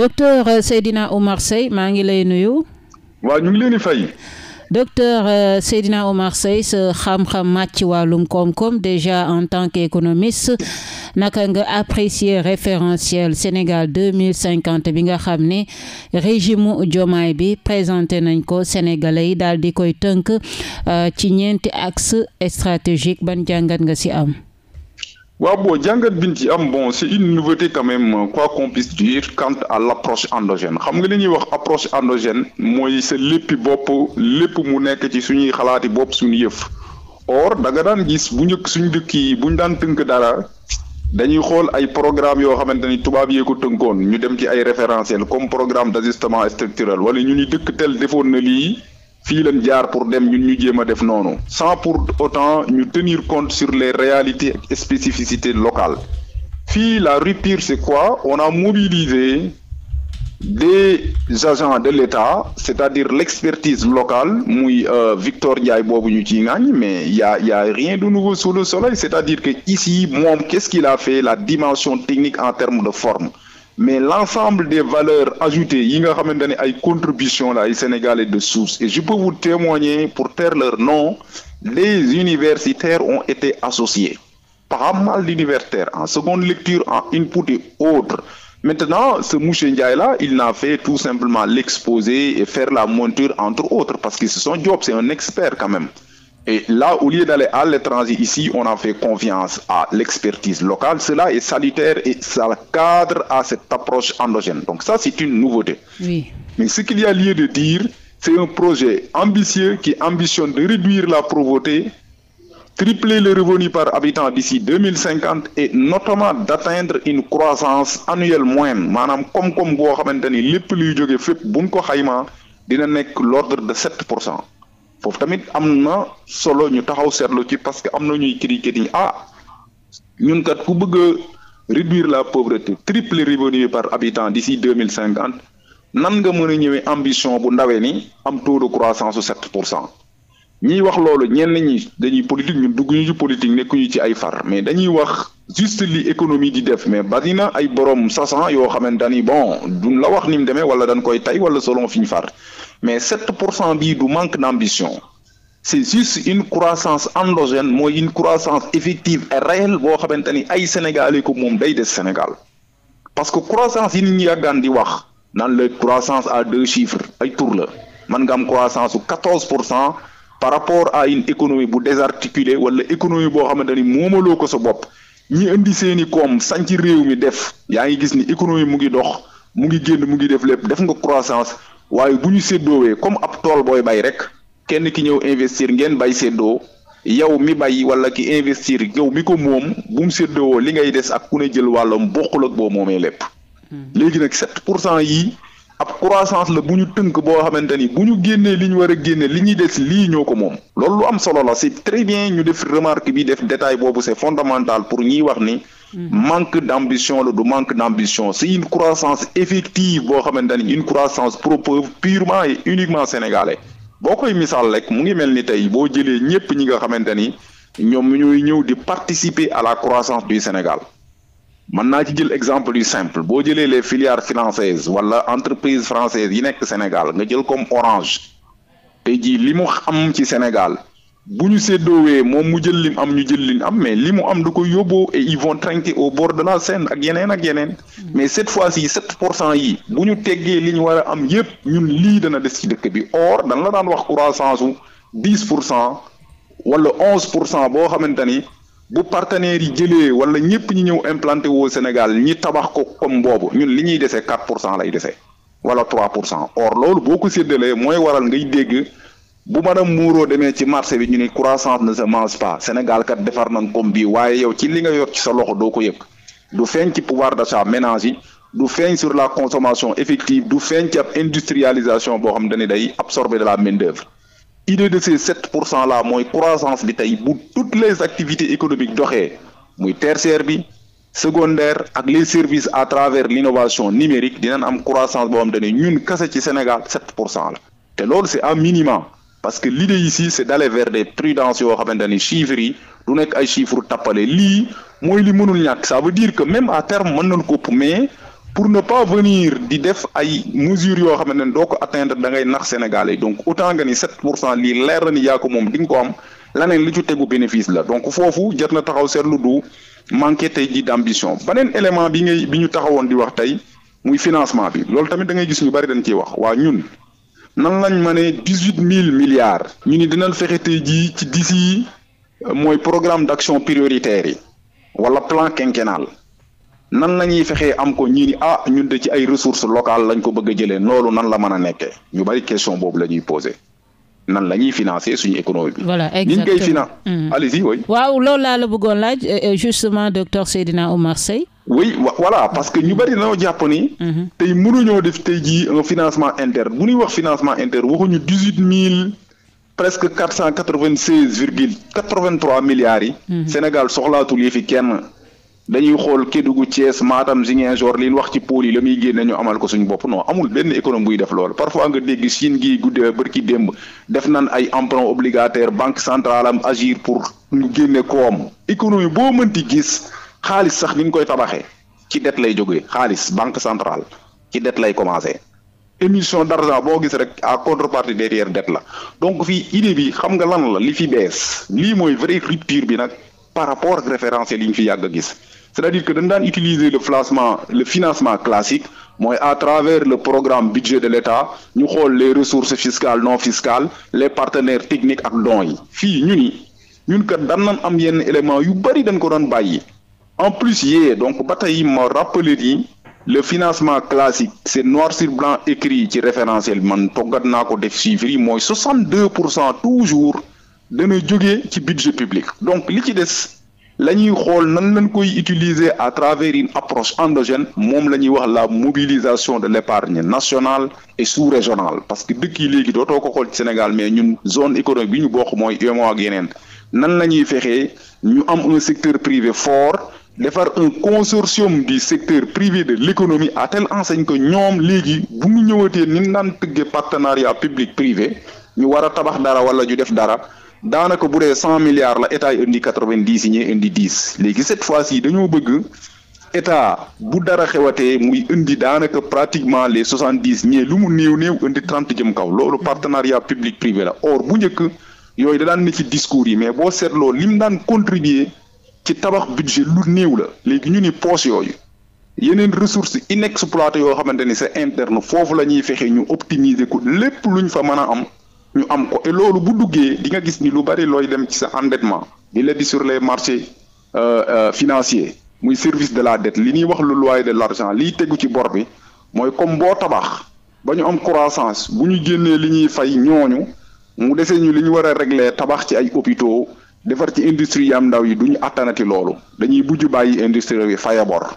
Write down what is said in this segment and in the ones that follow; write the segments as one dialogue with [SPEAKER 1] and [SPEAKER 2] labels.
[SPEAKER 1] docteur euh, Seydina Oumar Seye maa ngi lay nuyu.
[SPEAKER 2] waaw ñu ngi leen di fay.
[SPEAKER 1] Euh, Seydina Oumar sa xam-xam màcc wàllum koom-koom déjà en tant qu'économiste naka nga apprécier référentiel Sénégal deux mille cinquante bi nga xam ne régime mu bi présenté nañ ko Sénégalais yi daal di koy tënk euh, ci ñeenti axe stratégique ban jàngat nga ci am.
[SPEAKER 2] waaw boo jàngat bi ñu ci am bon c'est une nouveauté quand même euh, quoi qu'on quant à l'approche endogène xam nga li ñuy wax approche endogène mooy sa lépp bopp lépp mu nekk ci suñuy xalaati bopp suñu yëf or da nga daan gis bu njëkk suñu dëkk yi bu ñu daan tënk dara dañuy xool ay programme yoo xamante ni tubaab yee ko tënkoon ñu dem ci ay référentiel comme programme d'ajustement structurel wala ñu ni dëkk tel defoon na lii fii leen jaar pour dem ñun ñu jéem a def noonu sans pour autant ñu tenir compte sur les réalités et spécificités locales fii la rupture c'est quoi on a mobilisé des agents de l'État c'est-à-dire l'expertise locale muy euh, Victor Ndiaye boobu ñu ci ngaañ mais y a y a rien de nouveau sous le soleil c'est-à-dire que ici qu'est-ce qu'il a fait la dimension technique en termes de forme mais l'ensemble des valeurs ajoutées yi nga xamante ne ay contribution la ay sénégalais de source et je peux vous témoigner pour taire leur nom les universitaires ont été associés pas mal d'universitaires en seconde lecture en input et autres Maintenant, ce Mouche Ndiaye-là, il n'a fait tout simplement l'exposer et faire la monture, entre autres, parce que ce son job, c'est un expert quand même. Et là, au lieu d'aller à l'étranger, ici, on a fait confiance à l'expertise locale. Cela est salutaire et ça cadre à cette approche endogène. Donc ça, c'est une nouveauté. Oui. Mais ce qu'il y a lieu de dire, c'est un projet ambitieux qui ambitionne de réduire la pauvreté, tripler le revenu par habitant d'ici 2050 et notamment d'atteindre une croissance annuelle moyenne. Maanaam comme comme boo xamante ni lépp luy jóge fépp buñ ko xaymaa dina nekk l'ordre de 7 pour cent. foofu tamit am na solo ñu taxaw seetlu ci parce que am na ñuy critiquer ni ah ñun kat ku bëgg a réduire la pauvreté triple revenu par habitant ci deux mille cinquante nan nga mën a ñëwee ambition bu ndawee ni am taux de croissance su sept pour cent ñiy wax loolu ñenn ñi dañuy politique ñu dugg ñu ci politique nekkuñu ci ay far mais dañuy wax juste li économie di def mais bari na ay borom sasan yoo xamante ni bon duñ la wax ni mu demee wala dañ koy tay wala selon fi ñu far. mais 7 pour cent bii du manque d'ambition c'est juste une croissance endogène mooy une croissance effective et réelle boo xamante ni ay Sénégalais ko moom day des Sénégal parce que croissance yi nit ñi yàggaan di wax naan la croissance à deux chiffres ay tur la mën nga am croissance su 14 pour cent par rapport à une économie bu désarticulée wala économie boo xamante ni moomaloo ko sa bopp ñi indi seeni koom sanc réew mi def yaa ngi gis ni économie mu ngi dox mu ngi génn mu ngi def lépp def nga croissance waaye bu ñu séddoowee comme ab tool booy bay rek kenn ki ñëw investir ngeen bay séddoo yow mi bay wala ki investir yow mi ko moom bu mu séddoowoo li ngay des ak ku ne jël wàllam bokkul ak boo moomee lépp. Hmm. léegi nag 7 pour cent yii ab croissance la bu ñu tënk boo xamante ni bu ñu génnee li ñu war a génne li ñuy des lii ñoo ko moom. loolu lu am solo la si très bien ñu def remarque bi def détail boobu c'est fondamental pour ñiy wax ni. Mm-hmm. manque d' ambition la du manque d' si c' est une croissance effective boo xamante ni une croissance propre purement et uniquement sénégalais boo koy misaal rek mu ngi mel ni tey boo jëlee ñëpp ñi nga xamante ni ñoom ñooy ñëw di participer à la croissance du Sénégal mën naa ci jël exemple yu simple boo jëlee les filières françaises wala entreprise française yi nekk Sénégal nga jël comme Orange tey jii li mu xam ci Sénégal. bu ñu séddoowee moom mu jël lim am ñu jël lim am mais li mu am du ko yóbboo et ils vont trinquer au bord de la Seine ak yeneen ak yeneen mm. mais cette fois yi sept pour cent yi bu ñu teggee li ñu war a am yépp ñun lii dana des ci dëkk bi or dañ la daan wax croissance u dix pour cent wala onze pour cent boo xamante ni bu partenaires yi jëlee wala ñëpp ñi ñëw implanté woo Sénégal ñi tabax ko comme boobu ñun li ñuy desee quatre pour cent lay desee wala trois pour cent or loolu boo ko séddalee mooy waral ngay dégg bu madame Moreau demee ci marché bi ñu ni croissance ne se mange pas Sénégal kat defar nañ comme bii waaye yow ci li nga yor ci sa loxo doo ko yëg du feeñ ci pouvoir d'achat ménage yi du feeñ sur la consommation effective du feeñ ci ab industrialisation boo xam ne day absorber de la main d'œuvre idée de ces sept pour cent là mooy croissance bi tey bu toutes les activités économiques doxee muy tertiaire bi secondaire ak les services à travers l'innovation numérique dinañ am croissance boo xam ne ñun kase ci Sénégal sept pour cent la te loolu c'est un minimum parce que l'idée ici c'est d'aller vers des prudences yoo xamante ni chiffres yi du nekk ay chiffres tappale lii mooy li mënul ñàkk ça veut dire que même à terme mën nañu ko mais pour ne pas venir di def ay mesures yoo xamante ne doo ko atteindre da ngay nax Sénégalais donc autant nga ni 7 pour cent lii leer na ni yaa ko moom di ko am laneen li ci tegu bénéfice la donc foofu jar na taxaw seetlu du manqué tey ji d' ambition beneen élément bi ngay bi ñu taxawoon di wax tey muy financement bi loolu tamit da gis ñu bari dañ ciy wax waa ñun. nan lañ ma ne dix huit mille milliards ñu ni dinañ fexe tey jii ci disi euh, mooy programme d'action prioritaire yi wala plan quinquennal nan la ñuy fexee am ko ñi ni ah ñun de ci ay ressource locale lañ ko bëgg a jëlee loolu nan la mën a nekkee ñu bari question boobu la ñuy posé nan la ñuy financer suñu économie bi.
[SPEAKER 1] voilà exactement ñu ngi koy mm. waaw loolu laa la bëggoon laaj euh, euh, justement docteur Seydina Oumar Seye.
[SPEAKER 2] oui voilà parce que ñu bëri dañoo jàpp ni. Mhm. tey mënuñoo def tey jii financement interne bu ñuy wax financement interne waxuñu dix huit mille presque quatre cent quatre vingt seize virgule quatre vingt trois milliards yi. Mhm. Sénégal soxlaatul yi fi kenn. dañuy xool Kédougou Thiès Matam Ziguinchor li ñu wax ci pôle yi la muy génne ñu amal ko suñu bopp non amul benn économie buy def loolu parfois nga dégg Chine gi guddee bërki démb def nan ay emprunt obligataire banque xaalis sax ni nu koy tabaxee ci dette lay jógee xaalis banque centrale ci dette lay commencé émission d'argent boo gis rek à contrepartie derrière dette la donc fii idée bi xam nga lan la li fi bees lii mooy vraie rupture bi nag par rapport ak référentiel yi ñu fi yàgg a gis c'est-à-dire que dañ daan utiliser le placement le financement classique mooy à travers le programme budget de l'État ñu xool les ressources fiscales non fiscales les partenaires techniques ak dons yi fii ñu ni dan nan am yenn éléments yu bari dañ ko doon bàyyi en plus yee donc ba tey ma rappelé yi le financement classique c' est noir sur blanc yi ci référentiel bi man toggat naa ko def chiffre yi mooy 62 pour cent toujours dana jógee ci budget public donc li ci des. la ñuy xool nan lañ koy utiliser à travers une approche endogène moom la ñuy wax la mobilisation de l' épargne nationale et sous-régionale parce que dëkk léegi dootoo ko xool ci Sénégal mais ñun zone économique bi ñu bokk mooy UEMOA ak yeneen nan la ñuy fexee ñu am un secteur privé defar un consortium du secteur privé de l'économie à telle ko ñoom léegi bu ñu ñëwatee ni ñu daan tëggee partenariat public privé ñu war a tabax dara wala ñu def dara daanaka bu dee cent milliards la état yi indi quatre vingt dix yi ñee indi dix léegi cette fois ci dañoo bëgg état bu dara xewatee muy indi daanaka pratiquement les soixante dix ñee lu mu néew néew indi trente jëm kaw loolu partenariat public privé la or bu njëkk yooyu da daan ne ci discours yi mais boo seetloo lim daan contribuer. ci tabax budget lu néew la léegi ñu ni poche yooyu yeneen ressources inexploitées yoo xamante ni sa interne foofu la ñuy fexe ñu optimiser ko lépp luñ fa mën a am ñu am ko loolu bu duggee di nga gis ni lu bari looy dem ci sa endettement di lebi sur les marchés euh, euh, financier muy service de la dette li ñuy wax le loyer de l'argent liy tegu ci bor bi mooy comme boo tabax ba ñu am croissance bu ñu génnee li ñuy fay ñooñu mu desee ñu li ñu war a régler tabax ci ay hôpitaux defar ci industrie yi am ndaw yi duñu attanati loolu dañuy bujj bàyyi industrie bi faya bor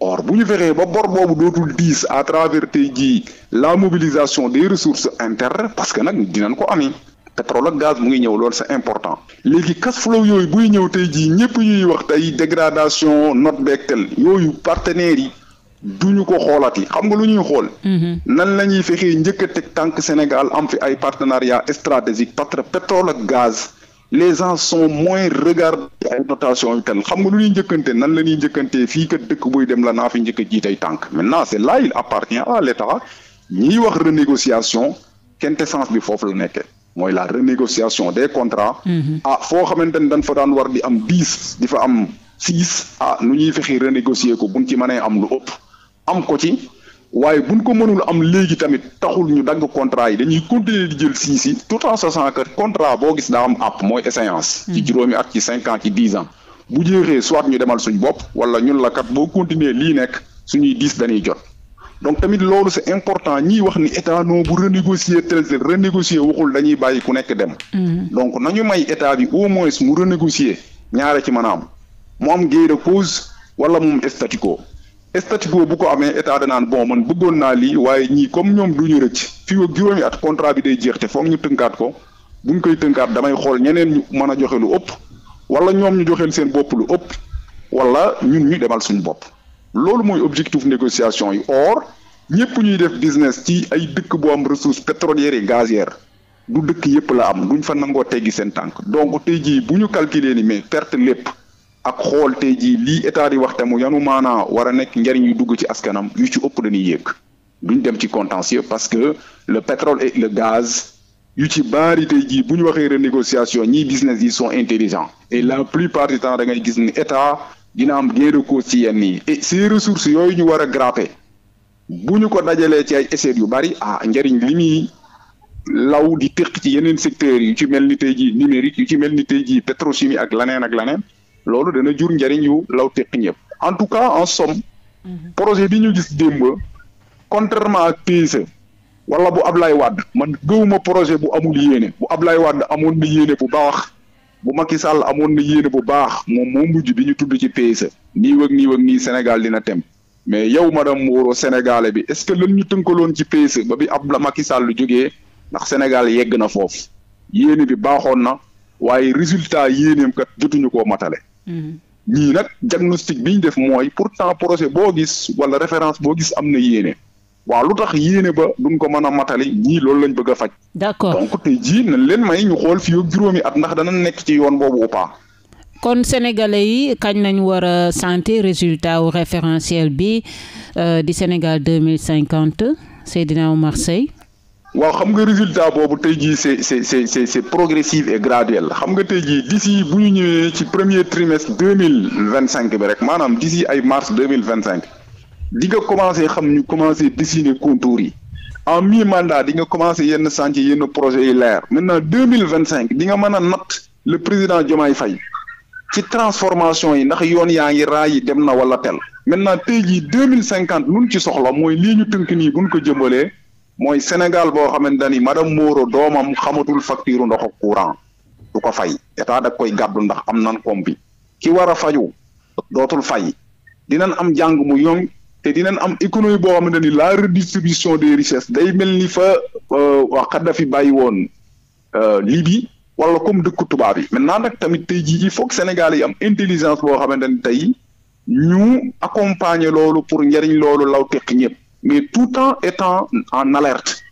[SPEAKER 2] or bu ñu fexee ba bor boobu dootul diis à travers tey jii la mobilisation des ressources internes parce que nag dinañ ko ami pétrole ak gaz mu ngi ñëw lool c'est important léegi cash flow yooyu buy ñëw tey jii ñëpp ñuy wax tey dégradation note bektel yooyu partenaires yi duñu ko xoolati xam nga lu ñuy xool mhm. nan la ñuy fexee njëkk a teg tànk Sénégal am fi ay partenariat stratégique parce que pétrole gaz les gens sont moins regardés ay notation yu tel xam nga lu ñuy njëkkante nan la ñuy njëkkantee fii kat dëkk buy dem la naa fi njëkk a jiitay tànk maintenant c'est là il appartient à l'État ñiy wax renégociation quintessence bi foofu la nekke mooy la renégociation des contrat mhm. ah foo xamante ni dañ fa daan war di am dix di fa am six ah nu ñuy fexe renégocier ko buñ ci ma mënee am lu ëpp am ko ci waaye buñ ko mënul am léegi tamit taxul ñu dagg contrat yi dañuy continuer di jël sii si tout en sachant que contrat boo gis daa am àpp mooy échéance. ci hmm. juróomi at ci cinq ci dix ans. bu jeexee soit ñu demal suñ bopp wala ñun la kat boo continuer lii nekk suñuy diis dañuy jot donc tamit loolu c'est important ñiy wax ni état non bu renégocier tel tel renégocier waxul dañuy bàyyi ku nekk dem. Hmm. donc nañu may état bi au moins mu renégocier ñaare ci mën a am mu am gain de wala moom statu quo. statu quo bu ko amee état danaan bon man bëggoon naa lii waaye ñii comme ñoom du ñu rëcc fii ak juróomi at contrat bi day jeex te foog ñu tënkaat ko bu ñu koy tënkaat damay xool ñeneen ñu mën a joxe lu ëpp wala ñoom ñu joxeel seen bopp lu ëpp wala ñun ñu demal suñu bopp loolu mooy objectif négociation yi oor ñëpp ñuy def business ci ay dëkk bu am ressources pétrolières et gazières du dëkk yëpp la am duñ fa nangoo teggi seen tànk donc tey jii bu ñu calculer ni mais perte lépp. ak xool tey jii lii état di wax te mu yanu maana war a nekk njariñ yu dugg ci askanam yu ci ëpp dañuy yéeg duñ dem ci contentieux parce que le pétrole et le gaz yu ci baari tey jii bu ñu waxee renégociation ñi business yi son intelligents et la plupart du temps da ngay gis ni état dina am gain de ci yenn yi et ces ressources yooyu ñu war a grapper bu ñu ko dajalee ci ay essais yu bari ah njariñ li muy law di tëq ci yeneen secteurs yu ci mel ni tey jii numérique yu ci mel ni tey jii pétrochimie ak laneen ak laneen loolu dana jur njëriñ yu law teq ñëpp en tout cas en somme mhm. projet bi ñu gis démb contrairement ak PSE wala bu Ablaye Wade man gëwuma projet bu amul yéene bu Ablaye Wade amoon na yéene bu baax bu Macky Sall amoon na yéene bu baax moom moo mujj bi ñu tudd ci PSE nii wëg nii wëg nii Sénégal dina tem mais yow madame Moreau sénégalais bi est-ce que lan ñu tënkaloon ci PSE ba bi Abla Macky Sall lu jóge ndax Sénégal yegg na foofu yéene bi baaxoon na waaye résultat yéeneem jotuñu koo matale ñii mm-hmm. nag diagnostic bi ñu def mooy pourtant projet boo gis wala référence boo gis am na yéene waaw lu tax yéene ba duñ ko mën a matali ñii loolu lañ bëgg a faj. d'accord donc tey jii nañ leen may ñu xool fii ak juróomi at ndax dana nekk ci yoon boobu ou pas.
[SPEAKER 1] kon sénégalais yi kañ lañ war a santé résultat wu référentiel bi euh, di Sénégal deux mille cinquante Seydina Oumar Seye
[SPEAKER 2] waaw xam nga résultat boobu tey jii c'est c'est c'est c'est progressif et graduel xam nga tey jii d'ici bu ñu ñëwee ci premier trimestre deux mille vingt cinq bi rek maanaam di d'ici ay mars deux mille vingt cinq di nga commencé xam ñu commencé dessiner contours yi en mi mandat di nga commencé yenn chantier yenn projet yi leer maintenant deux mille vingt cinq di nga mën a natt le président Diomaye fay ci transformation yi ndax yoon yaa ngi raay yi dem na wala tel maintenant tey jii deux mille cinquante nun ci soxla mooy lii ñu tënk nii buñ ko jëmbalee mooy Sénégal boo xamante ni madame Moreau doomam xamatul facture ndox ak courant du ko fay état da koy gàddu ndax am nan koom bi ki war a faju dootul fay dinañ am jàng mu yomb te dinañ am économie boo xamante ni la redistribution des richesses day mel ni fa euh, waa Kadhafi bàyyi woon euh, Libye wala comme dëkku tubaab yi maintenant nag tamit tey jii il faut que Sénégal yi am intelligence boo xamante ni tey ñu accompagner loolu pour njëriñ loolu law teq ñëpp mais tout temps étant en alerte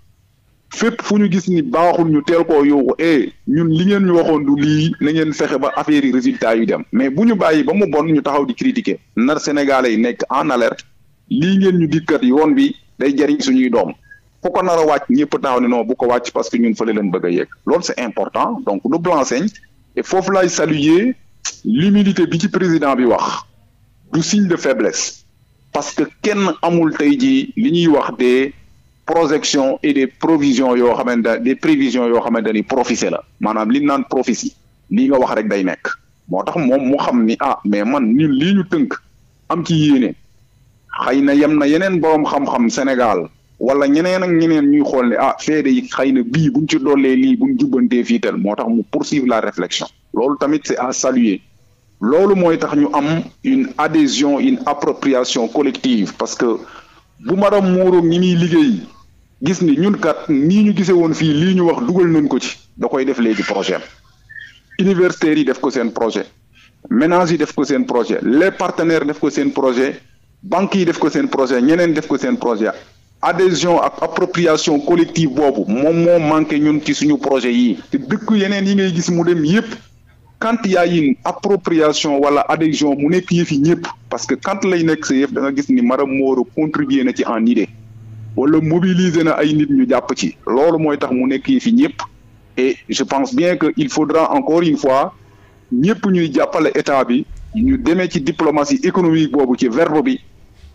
[SPEAKER 2] fépp fu ñu gis ni baaxul ñu teel ko yóbbu eh ñun li ngeen ñu waxoon du lii na ngeen fexe ba affaire yi résultat yu dem mais bu ñu bàyyi ba mu bon ñu taxaw di critiquer nar Sénégalais yi nekk en alerte lii ngeen ñu dikkat yoon bi day jariñ suñuy doom fu ko nar a wàcc ñëpp taxaw ne non bu ko wàcc parce que ñun fële leen bëgg a yegg loolu c'est important donc le blanc-seing et foofu laay saluer l'humilité bi ci président bi wax du signe de faiblesse parce que kenn amul tey jii li ñuy wax de projections et des provisions yoo xamante des prévisions yoo xamante ni prophétie la maanaam li naan prophétie lii nga wax rek day nekk moo tax moom mu xam ni ah mais man ñun lii ñu tënk am ci yéene xëy na yem na yeneen boroom xam-xam Sénégal wala ñeneen ak ñeneen ñuy xool ni ah feede yi xëy na bii buñ ci dollee lii buñ jubbantee fii tel moo tax mu poursuivre la réflexion loolu tamit c'est à saluer loolu mooy tax ñu am une adhésion une appropriation collective parce que bu madame Moreau ñi muy liggéey gis ni ñun kat nii ñu gisee woon fii lii ñu wax dugal nañ ko ci da koy def léegi projet universitaires yi def ko seen projet ménages yi def ko seen projet les partenaires def ko seen projet banques yi def ko seen projet ñeneen def ko seen projet adhésion ak appropriation collective boobu moom moo manqué ñun ci suñu projet yi te dëkk yeneen yi ngay gis mu dem yépp quand il y appropriation wala adhésion mu nekk yëfi ñëpp parce que quand lay nekk sa yëf da gis ni maram mooro contribuer na ci en idée wala mobiliser na ay nit ñu jàpp ci loolu mooy tax mu nekk yëfi ñëpp et je pense bien que il faudra encore une fois ñëpp ñuy jàppale état bi ñu demee ci diplomatie économique boobu ci verbe bi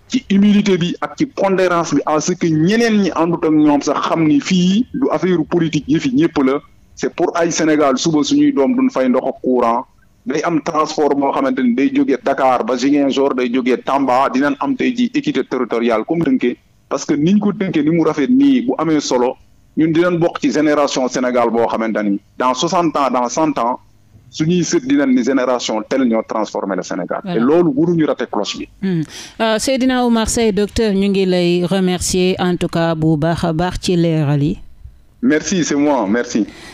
[SPEAKER 2] ci humilité bi ak ci pondérance bi à ce que ñeneen ñi àndut ak ñoom sax xam ni fii du affaire politique yëfi ñëpp la c' est pour ay Sénégal suba suñuy doom duñ fay ndox ak courant day am transport moo xamante day jógee Dakar ba Ziguinchor day jógee Tamba dinañ am tey ji équité territoriale comme tënkee parce que niñ ko tënkee ni mu rafet nii bu amee solo ñun dinañ bokk ci génération Sénégal boo xamante dans ans dans cent ans ni génération tel ñoo transformé le Sénégal. te loolu waruñu raté cloche bi.
[SPEAKER 1] Hmm. Euh, Seydina Oumar Seye docteur ñu ngi lay remercier en tout cas a baax ci leeral
[SPEAKER 2] merci c'est moi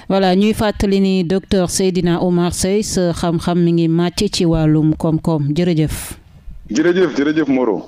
[SPEAKER 1] voilà ñuy fàttali nii docteur Seydina Oumar Seye euh, sa xam-xam ngi màcc ci wàllum koom-koom jërëjëf.
[SPEAKER 2] jërëjëf jërëjëf Moreau.